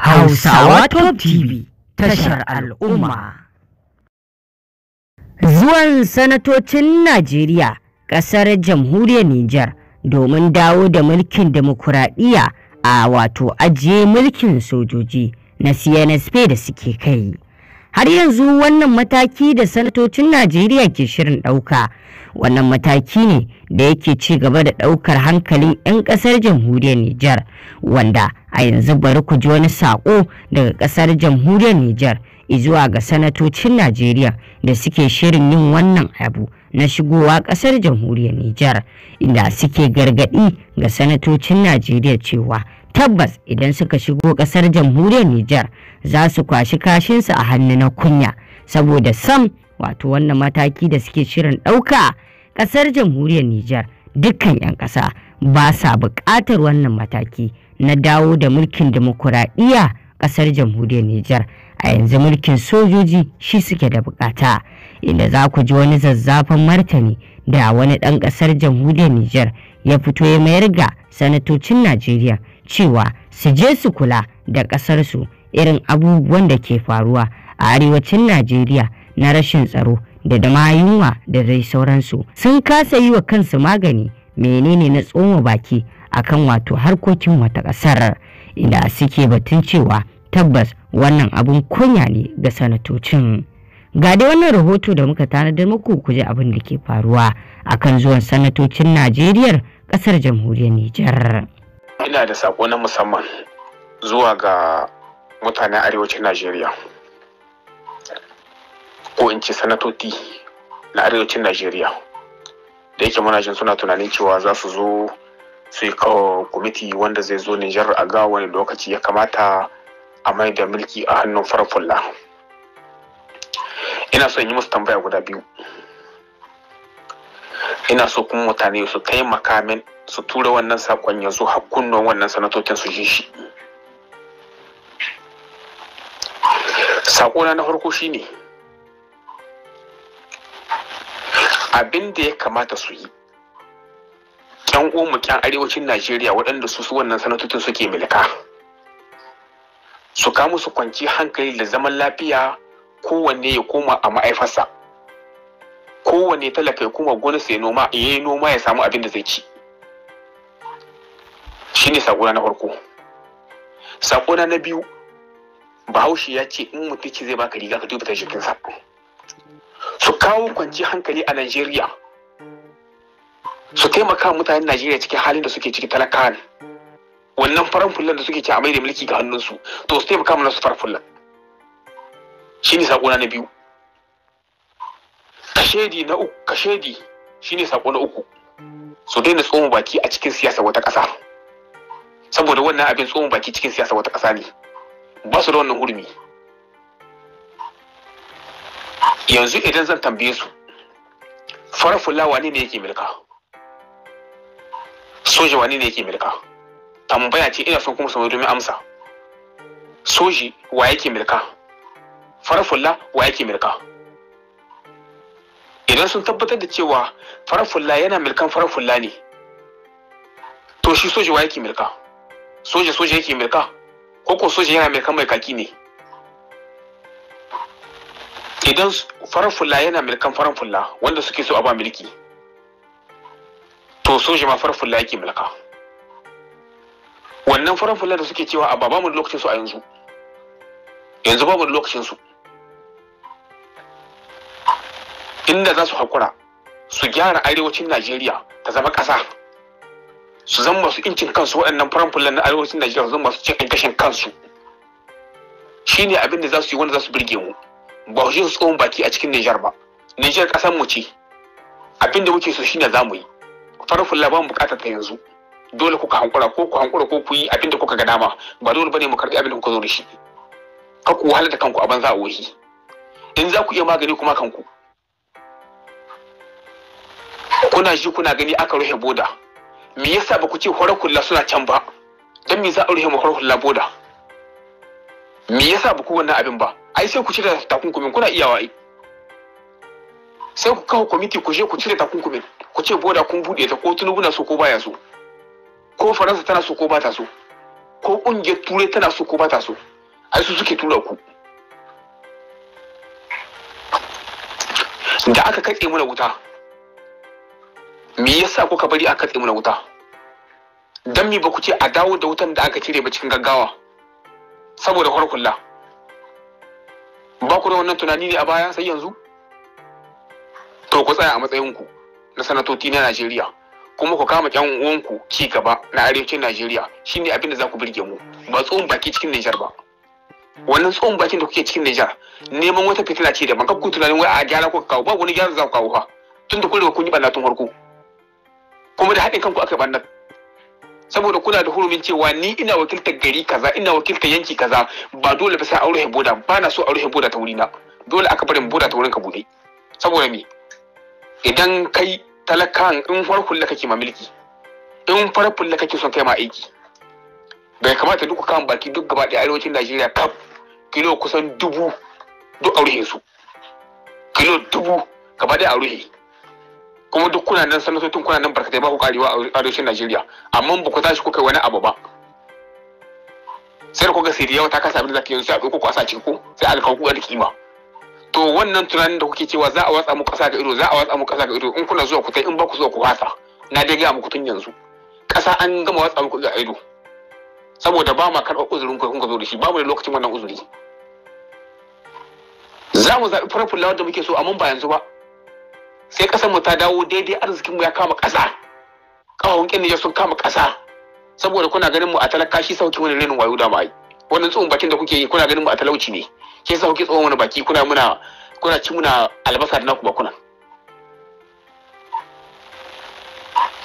Hausawa Top TV tashar al'umma. Zuwan sanatocin Najeriya ƙasar jamhuriyar Nijar domin dawo da mulkin demokuraɗiyya a wato ajiye mulkin sojoji na CNSP da suke kai. har yanzu wannan mataki da sanatocin najeriya ke shirin ɗauka wannan mataki ne da yake ci gaba da ɗaukar hankalin 'yan ƙasar jamhuriyar nijar wanda a yanzu bari ku ji wani saƙo daga ƙasar jamhuriyar nijar zuwa ga sanatocin najeriya da suke shirin yin wannan abu na shigowa ƙasar jamhuriyar nijar inda suke gargaɗi ga sanatocin najeriya cewa tabbas idan suka shigo kasar jamhuriyar Nijar za su kwashi kashinsu a hannu na kunya saboda sam wato wannan mataki da suke shirin ɗauka kasar jamhuriyar Nijar dukkan 'yan ƙasa ba sa buƙatar wannan mataki na dawo da mulkin dimokuraɗiyya ƙasar jamhuriyar Nijar a yanzu mulkin sojoji shi suke da buƙata inda za ku ji wani zazzafan martani da wani ɗan ƙasar jamhuriyar Nijar ya fito ya mayar ga sanatocin Najeriya cewa su je su kula da ƙasarsu irin abubuwan da ke faruwa a arewacin Najeriya na rashin tsaro da dama yunwa da dai sauransu sun kasa yi wa kansu magani menene na tsoma baki akan wato harkokin wata ƙasar inda suke batun cewa tabbas wannan abun kunya ne ga sanatocin. Ga dai wannan rahoto da muka tanadar muku ku abin da ke faruwa akan zuwan sanatocin Najeriya ƙasar jamhuriyar Nijar. ina da sako na musamman zuwa ga mutanen arewacin najeriya ko in ce sanatoci na arewacin najeriya da yake muna jin suna tunanin cewa za su zo su yi kwamiti wanda zai zo nijar a ga wani lokaci ya kamata a mai da mulki a hannun farfulla ina so yi musu tambaya guda biyu ina so kuma mutane su taimaka min su tura wannan sakon ya zo hakkunnan wannan sanatocin su ji shi sakona na farko shine abin da ya kamata su yi Ƙyan uwanmu ƙyan arewacin najeriya waɗanda su su wannan sanatocin suke milka su kamu su kwanci hankali da zaman lafiya kowanne ya koma a ma'aifarsa kowanne talaka ya koma gona sai noma ya yi noma ya samu abin da zai ci shine sakona na farko sakona na biyu bahaushe ya ce in mutum zai baka riga ka duba tashikin sa su kawo kwanci hankali a Najeriya su taimaka mutanen Najeriya cikin halin da suke ciki talakawan wannan faran fullan da suke ci a mai da mulki ga hannunsu to su taimaka mana su faran fullan shine sakona na biyu kashedi na uku kashedi shine sako na uku su daina tsoma baki a cikin siyasa wata ƙasa. saboda wannan abin tsohon baki cikin siyasa wata ƙasa ne ba su da wannan hurumi yanzu idan zan tambaye su farar wani ne yake milka soja wani ne yake milka tambaya ce ina son kuma domin amsa soji wa yake milka farar wa yake milka idan sun tabbatar da cewa farar yana milkan farar ne to shi soji wa yake milka soja soja yake mai ka ko ko soja yana mai ka mai kaki ne idan farar fulla yana milkan farar fulla wanda suke so a ba milki to soja ma farar fulla yake milka wannan farar fulla da suke cewa a ba mu lokacin su a yanzu yanzu mu lokacin su inda za su hakura su gyara arewacin najeriya ta zama ƙasa su zama masu incin kansu waɗannan faran fulan na arewacin Najeriya su zama masu cin gashin kansu ne abin da za su yi wanda za su birge mu ba su su tsohon baki a cikin Nijar ba Nijar ƙasar mu ce abin da muke so shi ne za mu yi faran ba mu bukatar ta yanzu dole kuka hankura ko ku hankura ko ku yi abin da kuka ga dama ba dole bane mu karɓi abin da kuka zo da shi ka ku wahala da kanku a banza a wohi in za ku iya magani kuma kanku kuna ji kuna gani aka rufe boda me yasa ba ku ce horar suna can ba don me za a rufe mu horar boda me yasa ba ku wannan abin ba ai sai ku cire takunkumin kuna iyawa ai sai ku kawo kwamiti ku je ku cire takunkumin ku ce boda kun buɗe ta ko tunubu na so ko baya so ko faransa tana so ko ba ta so ko ƙungiyar turai tana so ko ba ta so ai su suke tura ku da aka katse mana wuta me yasa kuka bari aka katse na wuta dan me ba ku ce a dawo da wutan da aka cire ba cikin gaggawa saboda harkulla ba ku da wannan tunani ne a baya sai yanzu to ku tsaya a matsayinku na sanatoci na Najeriya kuma ku kama ƴan uwanku ci gaba na arewacin Najeriya shine abin da za ku birge mu ba tsohon baki cikin Niger ba wannan tsohon bakin da kuke cikin Niger. neman wata fitila ce da ban kakku tunanin wai a gyara ku kawo ba wani gyara za ku kawo fa tun kun riga kun yi ballatun harko farko kuma da haɗin kanku aka yi nan saboda kuna da hurumin cewa ni ina wakiltar gari kaza ina wakiltar yanki kaza ba dole ba sai aure boda ba na so aure boda ta wurina dole aka bari boda ta wurin ka buɗe saboda me idan kai talakan in farkulla kake ma mulki in farkulla kake son kai ma aiki bai kamata duk kan baki duk gaba da arewacin Najeriya kaf kilo kusan dubu duk aure su kilo dubu gaba a aure kuma duk kuna nan sanatocin kuna nan barkatai ba ku karewa a arewacin Najeriya amma ba ku tashi kuka wani abu ba sai da ga siriyawa ta kasa abin da zaka yi sai a ɗauko ku asa cikin ku sai a alkawo ku kima to wannan tunanin da kuke cewa za a watsa mu ƙasa ga ido za a watsa mu ƙasa ga ido in kuna zuwa ku tai in ba ku zuwa ku hasa. na dai ga muku tun yanzu ƙasa an gama watsa muku ga ido saboda ba ma karɓar uzurin ku kun ka zo da shi mu da lokacin wannan uzuri za mu zaɓi farar fulawa da muke so amma ba yanzu ba sai kasar mu ta dawo daidai arzikin mu ya kama ƙasa kawon kin ya sun kama ƙasa saboda kuna ganin mu a talaka shi sauki wani renin wayo da mai wannan tsohon bakin da kuke yi kuna ganin mu a talauci ne ke yasa kuke tsohon wani baki kuna muna kuna ci muna albasa da naku bakuna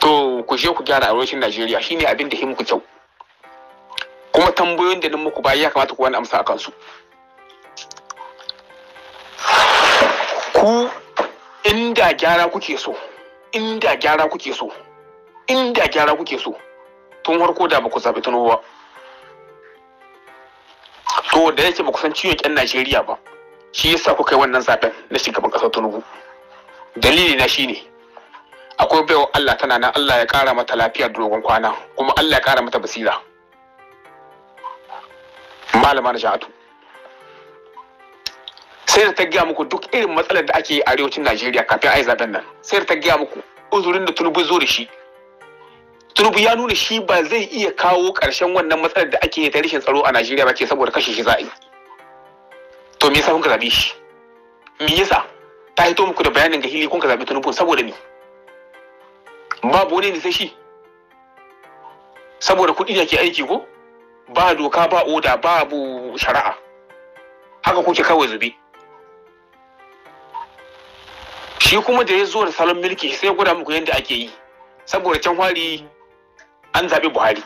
to ku je ku gyara arewacin Najeriya shine abin da muku kyau kuma tambayoyin da nan muku bayi ya kamata ku wani amsa a kansu ku inda gyara kuke so inda gyara kuke so inda gyara kuke so tun harko da ba ku zaɓi tunubu ba to da yake ba ku san ciwon kyan najeriya ba shi yasa kuka yi wannan zaɓen na shugaban ƙasar tunugu. dalili na shi ne. akwai baiwa allah tana nan allah ya ƙara mata lafiyar da dogon kwana kuma allah ya ƙara mata basira malama na sha'atu sai da ta gaya muku duk irin matsalar da ake yi a arewacin Najeriya kafin a yi zaben nan sai da ta gaya muku uzurin da Tinubu zo da shi Tinubu ya nuna shi ba zai iya kawo ƙarshen wannan matsalar da ake yi ta rashin tsaro a Najeriya ba ke saboda kashe shi za a yi to me yasa kun zabe shi me yasa ta hito muku da bayanin ga hili kun zabe Tinubu saboda me babu wani ne sai shi saboda kuɗi ne ke aiki ko ba doka ba oda babu shari'a haka kuke kawai zube shi kuma da ya zo da salon mulki sai gwada muku yadda ake yi saboda can hwari an zaɓi buhari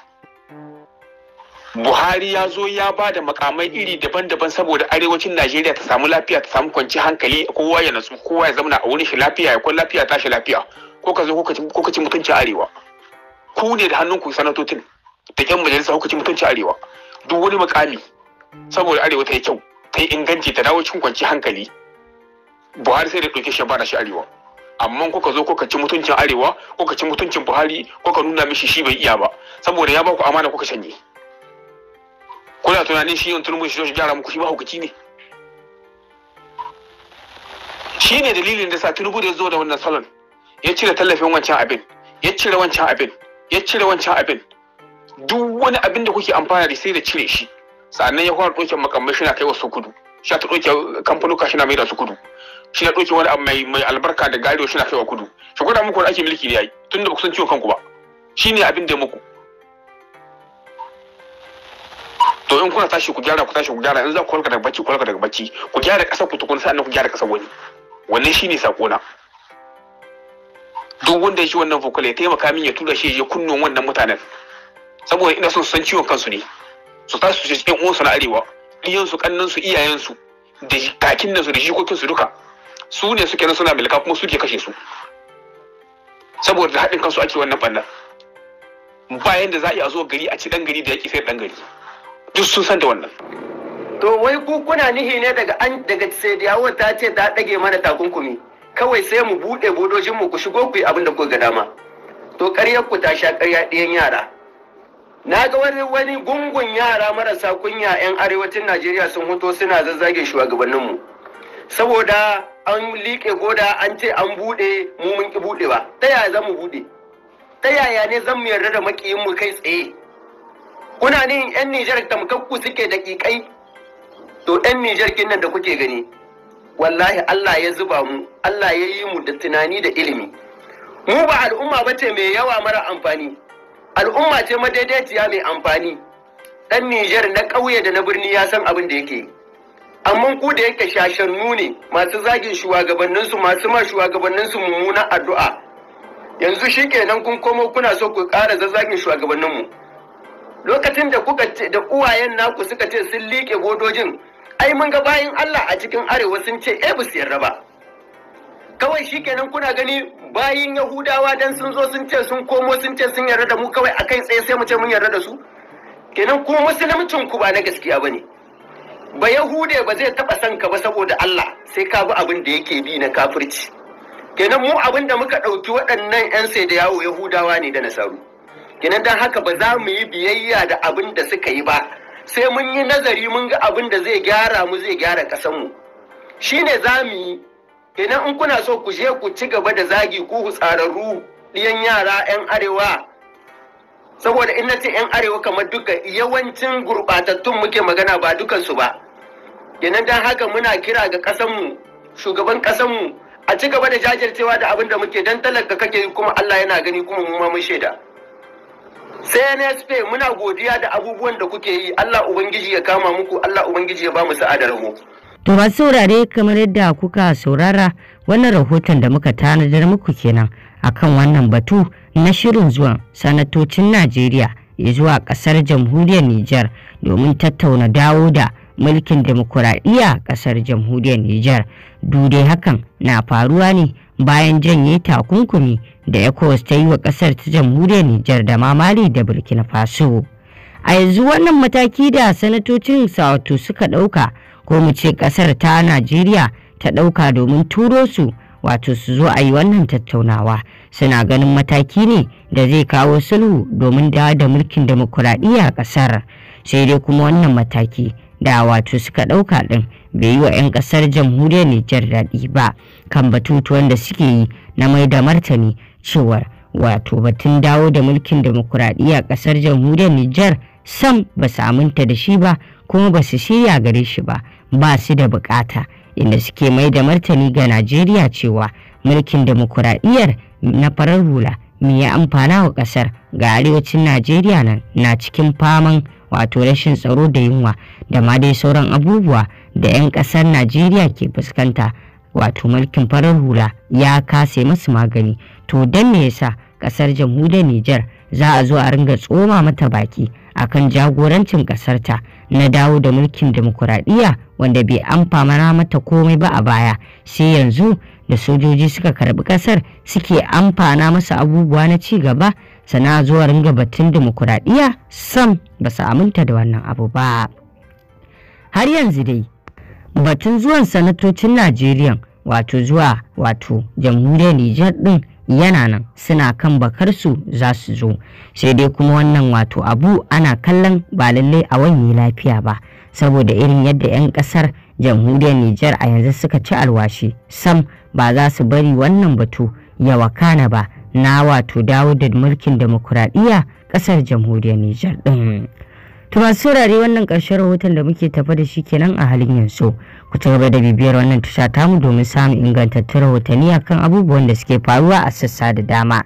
buhari ya zo ya ba da makamai iri daban-daban saboda arewacin najeriya ta samu lafiya ta samu kwanci hankali kowa ya natsu kowa ya zamana a wurin shi lafiya ya kwan lafiya tashi lafiya ko ka zo ko ka ci mutunci arewa ku ne da hannunku sanatotin da yan majalisa ko ka ci mutunci arewa duk wani makami saboda arewa ta yi kyau ta yi inganci ta dawo cin kwanci hankali buhari sai da ɗauke shi bana shi arewa amma kuka zo kuka ci mutuncin arewa kuka ci mutuncin buhari kuka nuna mishi shi bai iya ba saboda ya baku amana kuka shanye kuna tunanin shi yin turmushi shi gyara muku shi ba hukuci ne shi ne dalilin da sa tinubu da ya zo da wannan salon ya cire tallafin wancan abin ya cire wancan abin ya cire wancan abin duk wani abin da kuke amfana da sai da cire shi sannan ya fara ɗauke makamai shi na kai wasu kudu shi ta ɗauke kamfanuka shi na da su kudu shi na ɗauke wani abu mai mai albarka da gariyo shi na kaiwa kudu shi gwada muku wani ake mulki ne yayi tun da ba ku san ciwon kanku ba shi ne abin da muku to in kuna tashi ku gyara ku tashi ku gyara in za ku kwalka daga bacci ku kwalka daga bacci ku gyara ƙasar ku tukun sa'an ku gyara ƙasar wani wannan shi ne sakona duk wanda ya shi wannan fokula ya taimaka min ya tura shi ya kunnon wannan mutanen saboda ina son su san ciwon kansu ne su tashi su ce cikin uwansu na arewa su iyayen iyayensu da kakin da jikokinsu duka su ne suke nan suna milka kuma suke kashe su saboda haɗin kansu ake wannan ɓannan bayan da za a iya zo gari a ci ɗan gari da yaƙi sai ɗan gari duk sun san da wannan to wai ku kuna nihi ne daga an daga sediyawo ta ce ta ɗage mana takunkumi kawai sai mu buɗe bodojin mu ku shigo ku yi abin da ku ga dama to ƙaryar ku ta sha ƙarya ɗiyan yara na ga wani gungun yara marasa kunya 'yan arewacin najeriya sun hoto suna zazzage shugabanninmu saboda an liƙe goda an ce an buɗe mu mun ki buɗe ba ta yaya za mu buɗe ta yaya ne zan mu yarda da makiyinmu kai tsaye kuna ne 'yan nijar tamkakku suke daƙiƙai to 'yan nijar kin da kuke gani wallahi allah ya zuba mu allah ya yi mu da tunani da ilimi mu ba al'umma ba ce mai yawa mara amfani al'umma ce madaidaiciya mai amfani ɗan Nijar na ƙauye da na birni ya san abin da yake amma ku da yake shashannu ne masu zagin shugabanninsu masu ma shugabanninsu mummuna addu'a yanzu shi kenan kun komo kuna so ku ƙara zazzagin shugabanninmu lokacin da kuka ce da uwayen naku suka ce sun liƙe godojin, ai mun ga bayin Allah a cikin arewa sun ce eh su yarda ba kawai shi kenan kuna gani bayin yahudawa dan sun zo sun ce sun komo sun ce sun yarda da mu kawai akai tsaye sai mu ce mun yarda da su kenan ku musulmuncin ku ba na gaskiya bane ba yahude ba zai taba san ka ba saboda Allah sai ka bi abin da yake bi na kafirci kenan mu abin da muka ɗauki waɗannan 'yan sai da yawo yahudawa ne da nasaru kenan don haka ba za mu yi biyayya da abin da suka yi ba sai mun yi nazari mun ga abin da zai gyara mu zai gyara kasanmu? shi ne za mu yi kenan in kuna so ku je ku ci gaba da zagi ku hutsararru ɗiyan yara 'yan arewa saboda in ce 'yan arewa kamar duka yawancin gurɓatattun muke magana ba dukansu ba kenan don haka muna kira ga ƙasanmu shugaban ƙasanmu a ci gaba da jajircewa da abin da muke don talaka kake kuma Allah yana gani kuma mu ma mun shaida sai NSP muna godiya da abubuwan da kuke yi Allah ubangiji ya kama muku Allah ubangiji ya ba mu sa'a da To masu saurare kamar yadda kuka saurara wannan rahoton da muka tanadar muku kenan akan wannan batu na shirin zuwan sanatocin Najeriya zuwa kasar jamhuriyar Nijar domin tattauna dawo da mulkin demokuraɗiyya kasar jamhuriyar Nijar. Dude hakan na faruwa ne bayan janye takunkumi da ECOWAS ta yi wa kasar ta jamhuriyar Nijar da mamali da Burkina Faso. A yanzu wannan mataki da sanatocin wato suka ɗauka ko mu ce kasar ta najeriya ta ɗauka domin turo su wato su zo a yi wannan tattaunawa suna ganin mataki ne da zai kawo sulhu domin dawo da mulkin demokuraɗiyya a ƙasar sai dai kuma wannan mataki da wato suka ɗauka ɗin bai yi wa 'yan ƙasar jamhuriyar Nijar daɗi ba kan batutuwan da suke yi na mai da martani cewar wato batun dawo da mulkin demokuraɗiyya ƙasar jamhuriyar Nijar sam ba su aminta da shi ba kuma ba su shirya gare shi ba ba su da bukata inda suke mai da martani ga najeriya cewa mulkin demokuraɗiyyar na farar hula me ya amfana wa ƙasar ga arewacin najeriya nan na cikin faman wato rashin tsaro da yunwa da ma dai sauran abubuwa da 'yan ƙasar najeriya ke fuskanta wato mulkin farar hula ya kase masu magani to don me yasa ƙasar jamhuriyar Nijar za a zo a ringa tsoma mata baki akan jagorancin ƙasarta na dawo da mulkin demokuraɗiyya wanda bai amfana mata komai ba a baya sai yanzu da sojoji suka karbi ƙasar suke amfana masa abubuwa na ci gaba sana zuwa ringa batun demokuraɗiyya sam ba su aminta da wannan abu ba har yanzu dai batun zuwan sanatocin najeriya wato zuwa wato jamhuriyar nijar ɗin. yana nan suna kan bakarsu za su zo sai dai kuma wannan wato abu ana kallon ba lallai a wani lafiya ba saboda irin yadda 'yan kasar jamhuriyar Nijar a yanzu suka ci alwashi sam ba za su bari wannan batu ya wakana ba na wato dawo da mulkin demokuraɗiyya ƙasar jamhuriyar Nijar ɗin. To masu saurare wannan ƙarshen rahoton da muke tafa da shi kenan a halin yanzu. Ku ci gaba da bibiyar wannan tasha tamu domin samun ingantattun rahotanni akan abubuwan da suke faruwa a sassa da dama.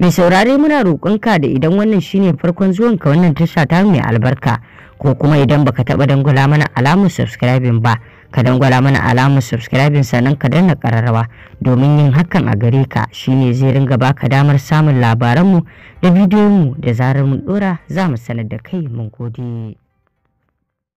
Mai saurare muna roƙonka da idan wannan shine farkon zuwan ka wannan tasha tamu mai albarka ko kuma idan baka taɓa dangula mana alamar subscribing ba. ka dangwala mana alamar subscribing sannan ka danna kararrawa domin yin hakan a gare ka shine zai ringa baka damar samun labaranmu da bidiyonmu da zarar mun dora za mu sanar da kai mun gode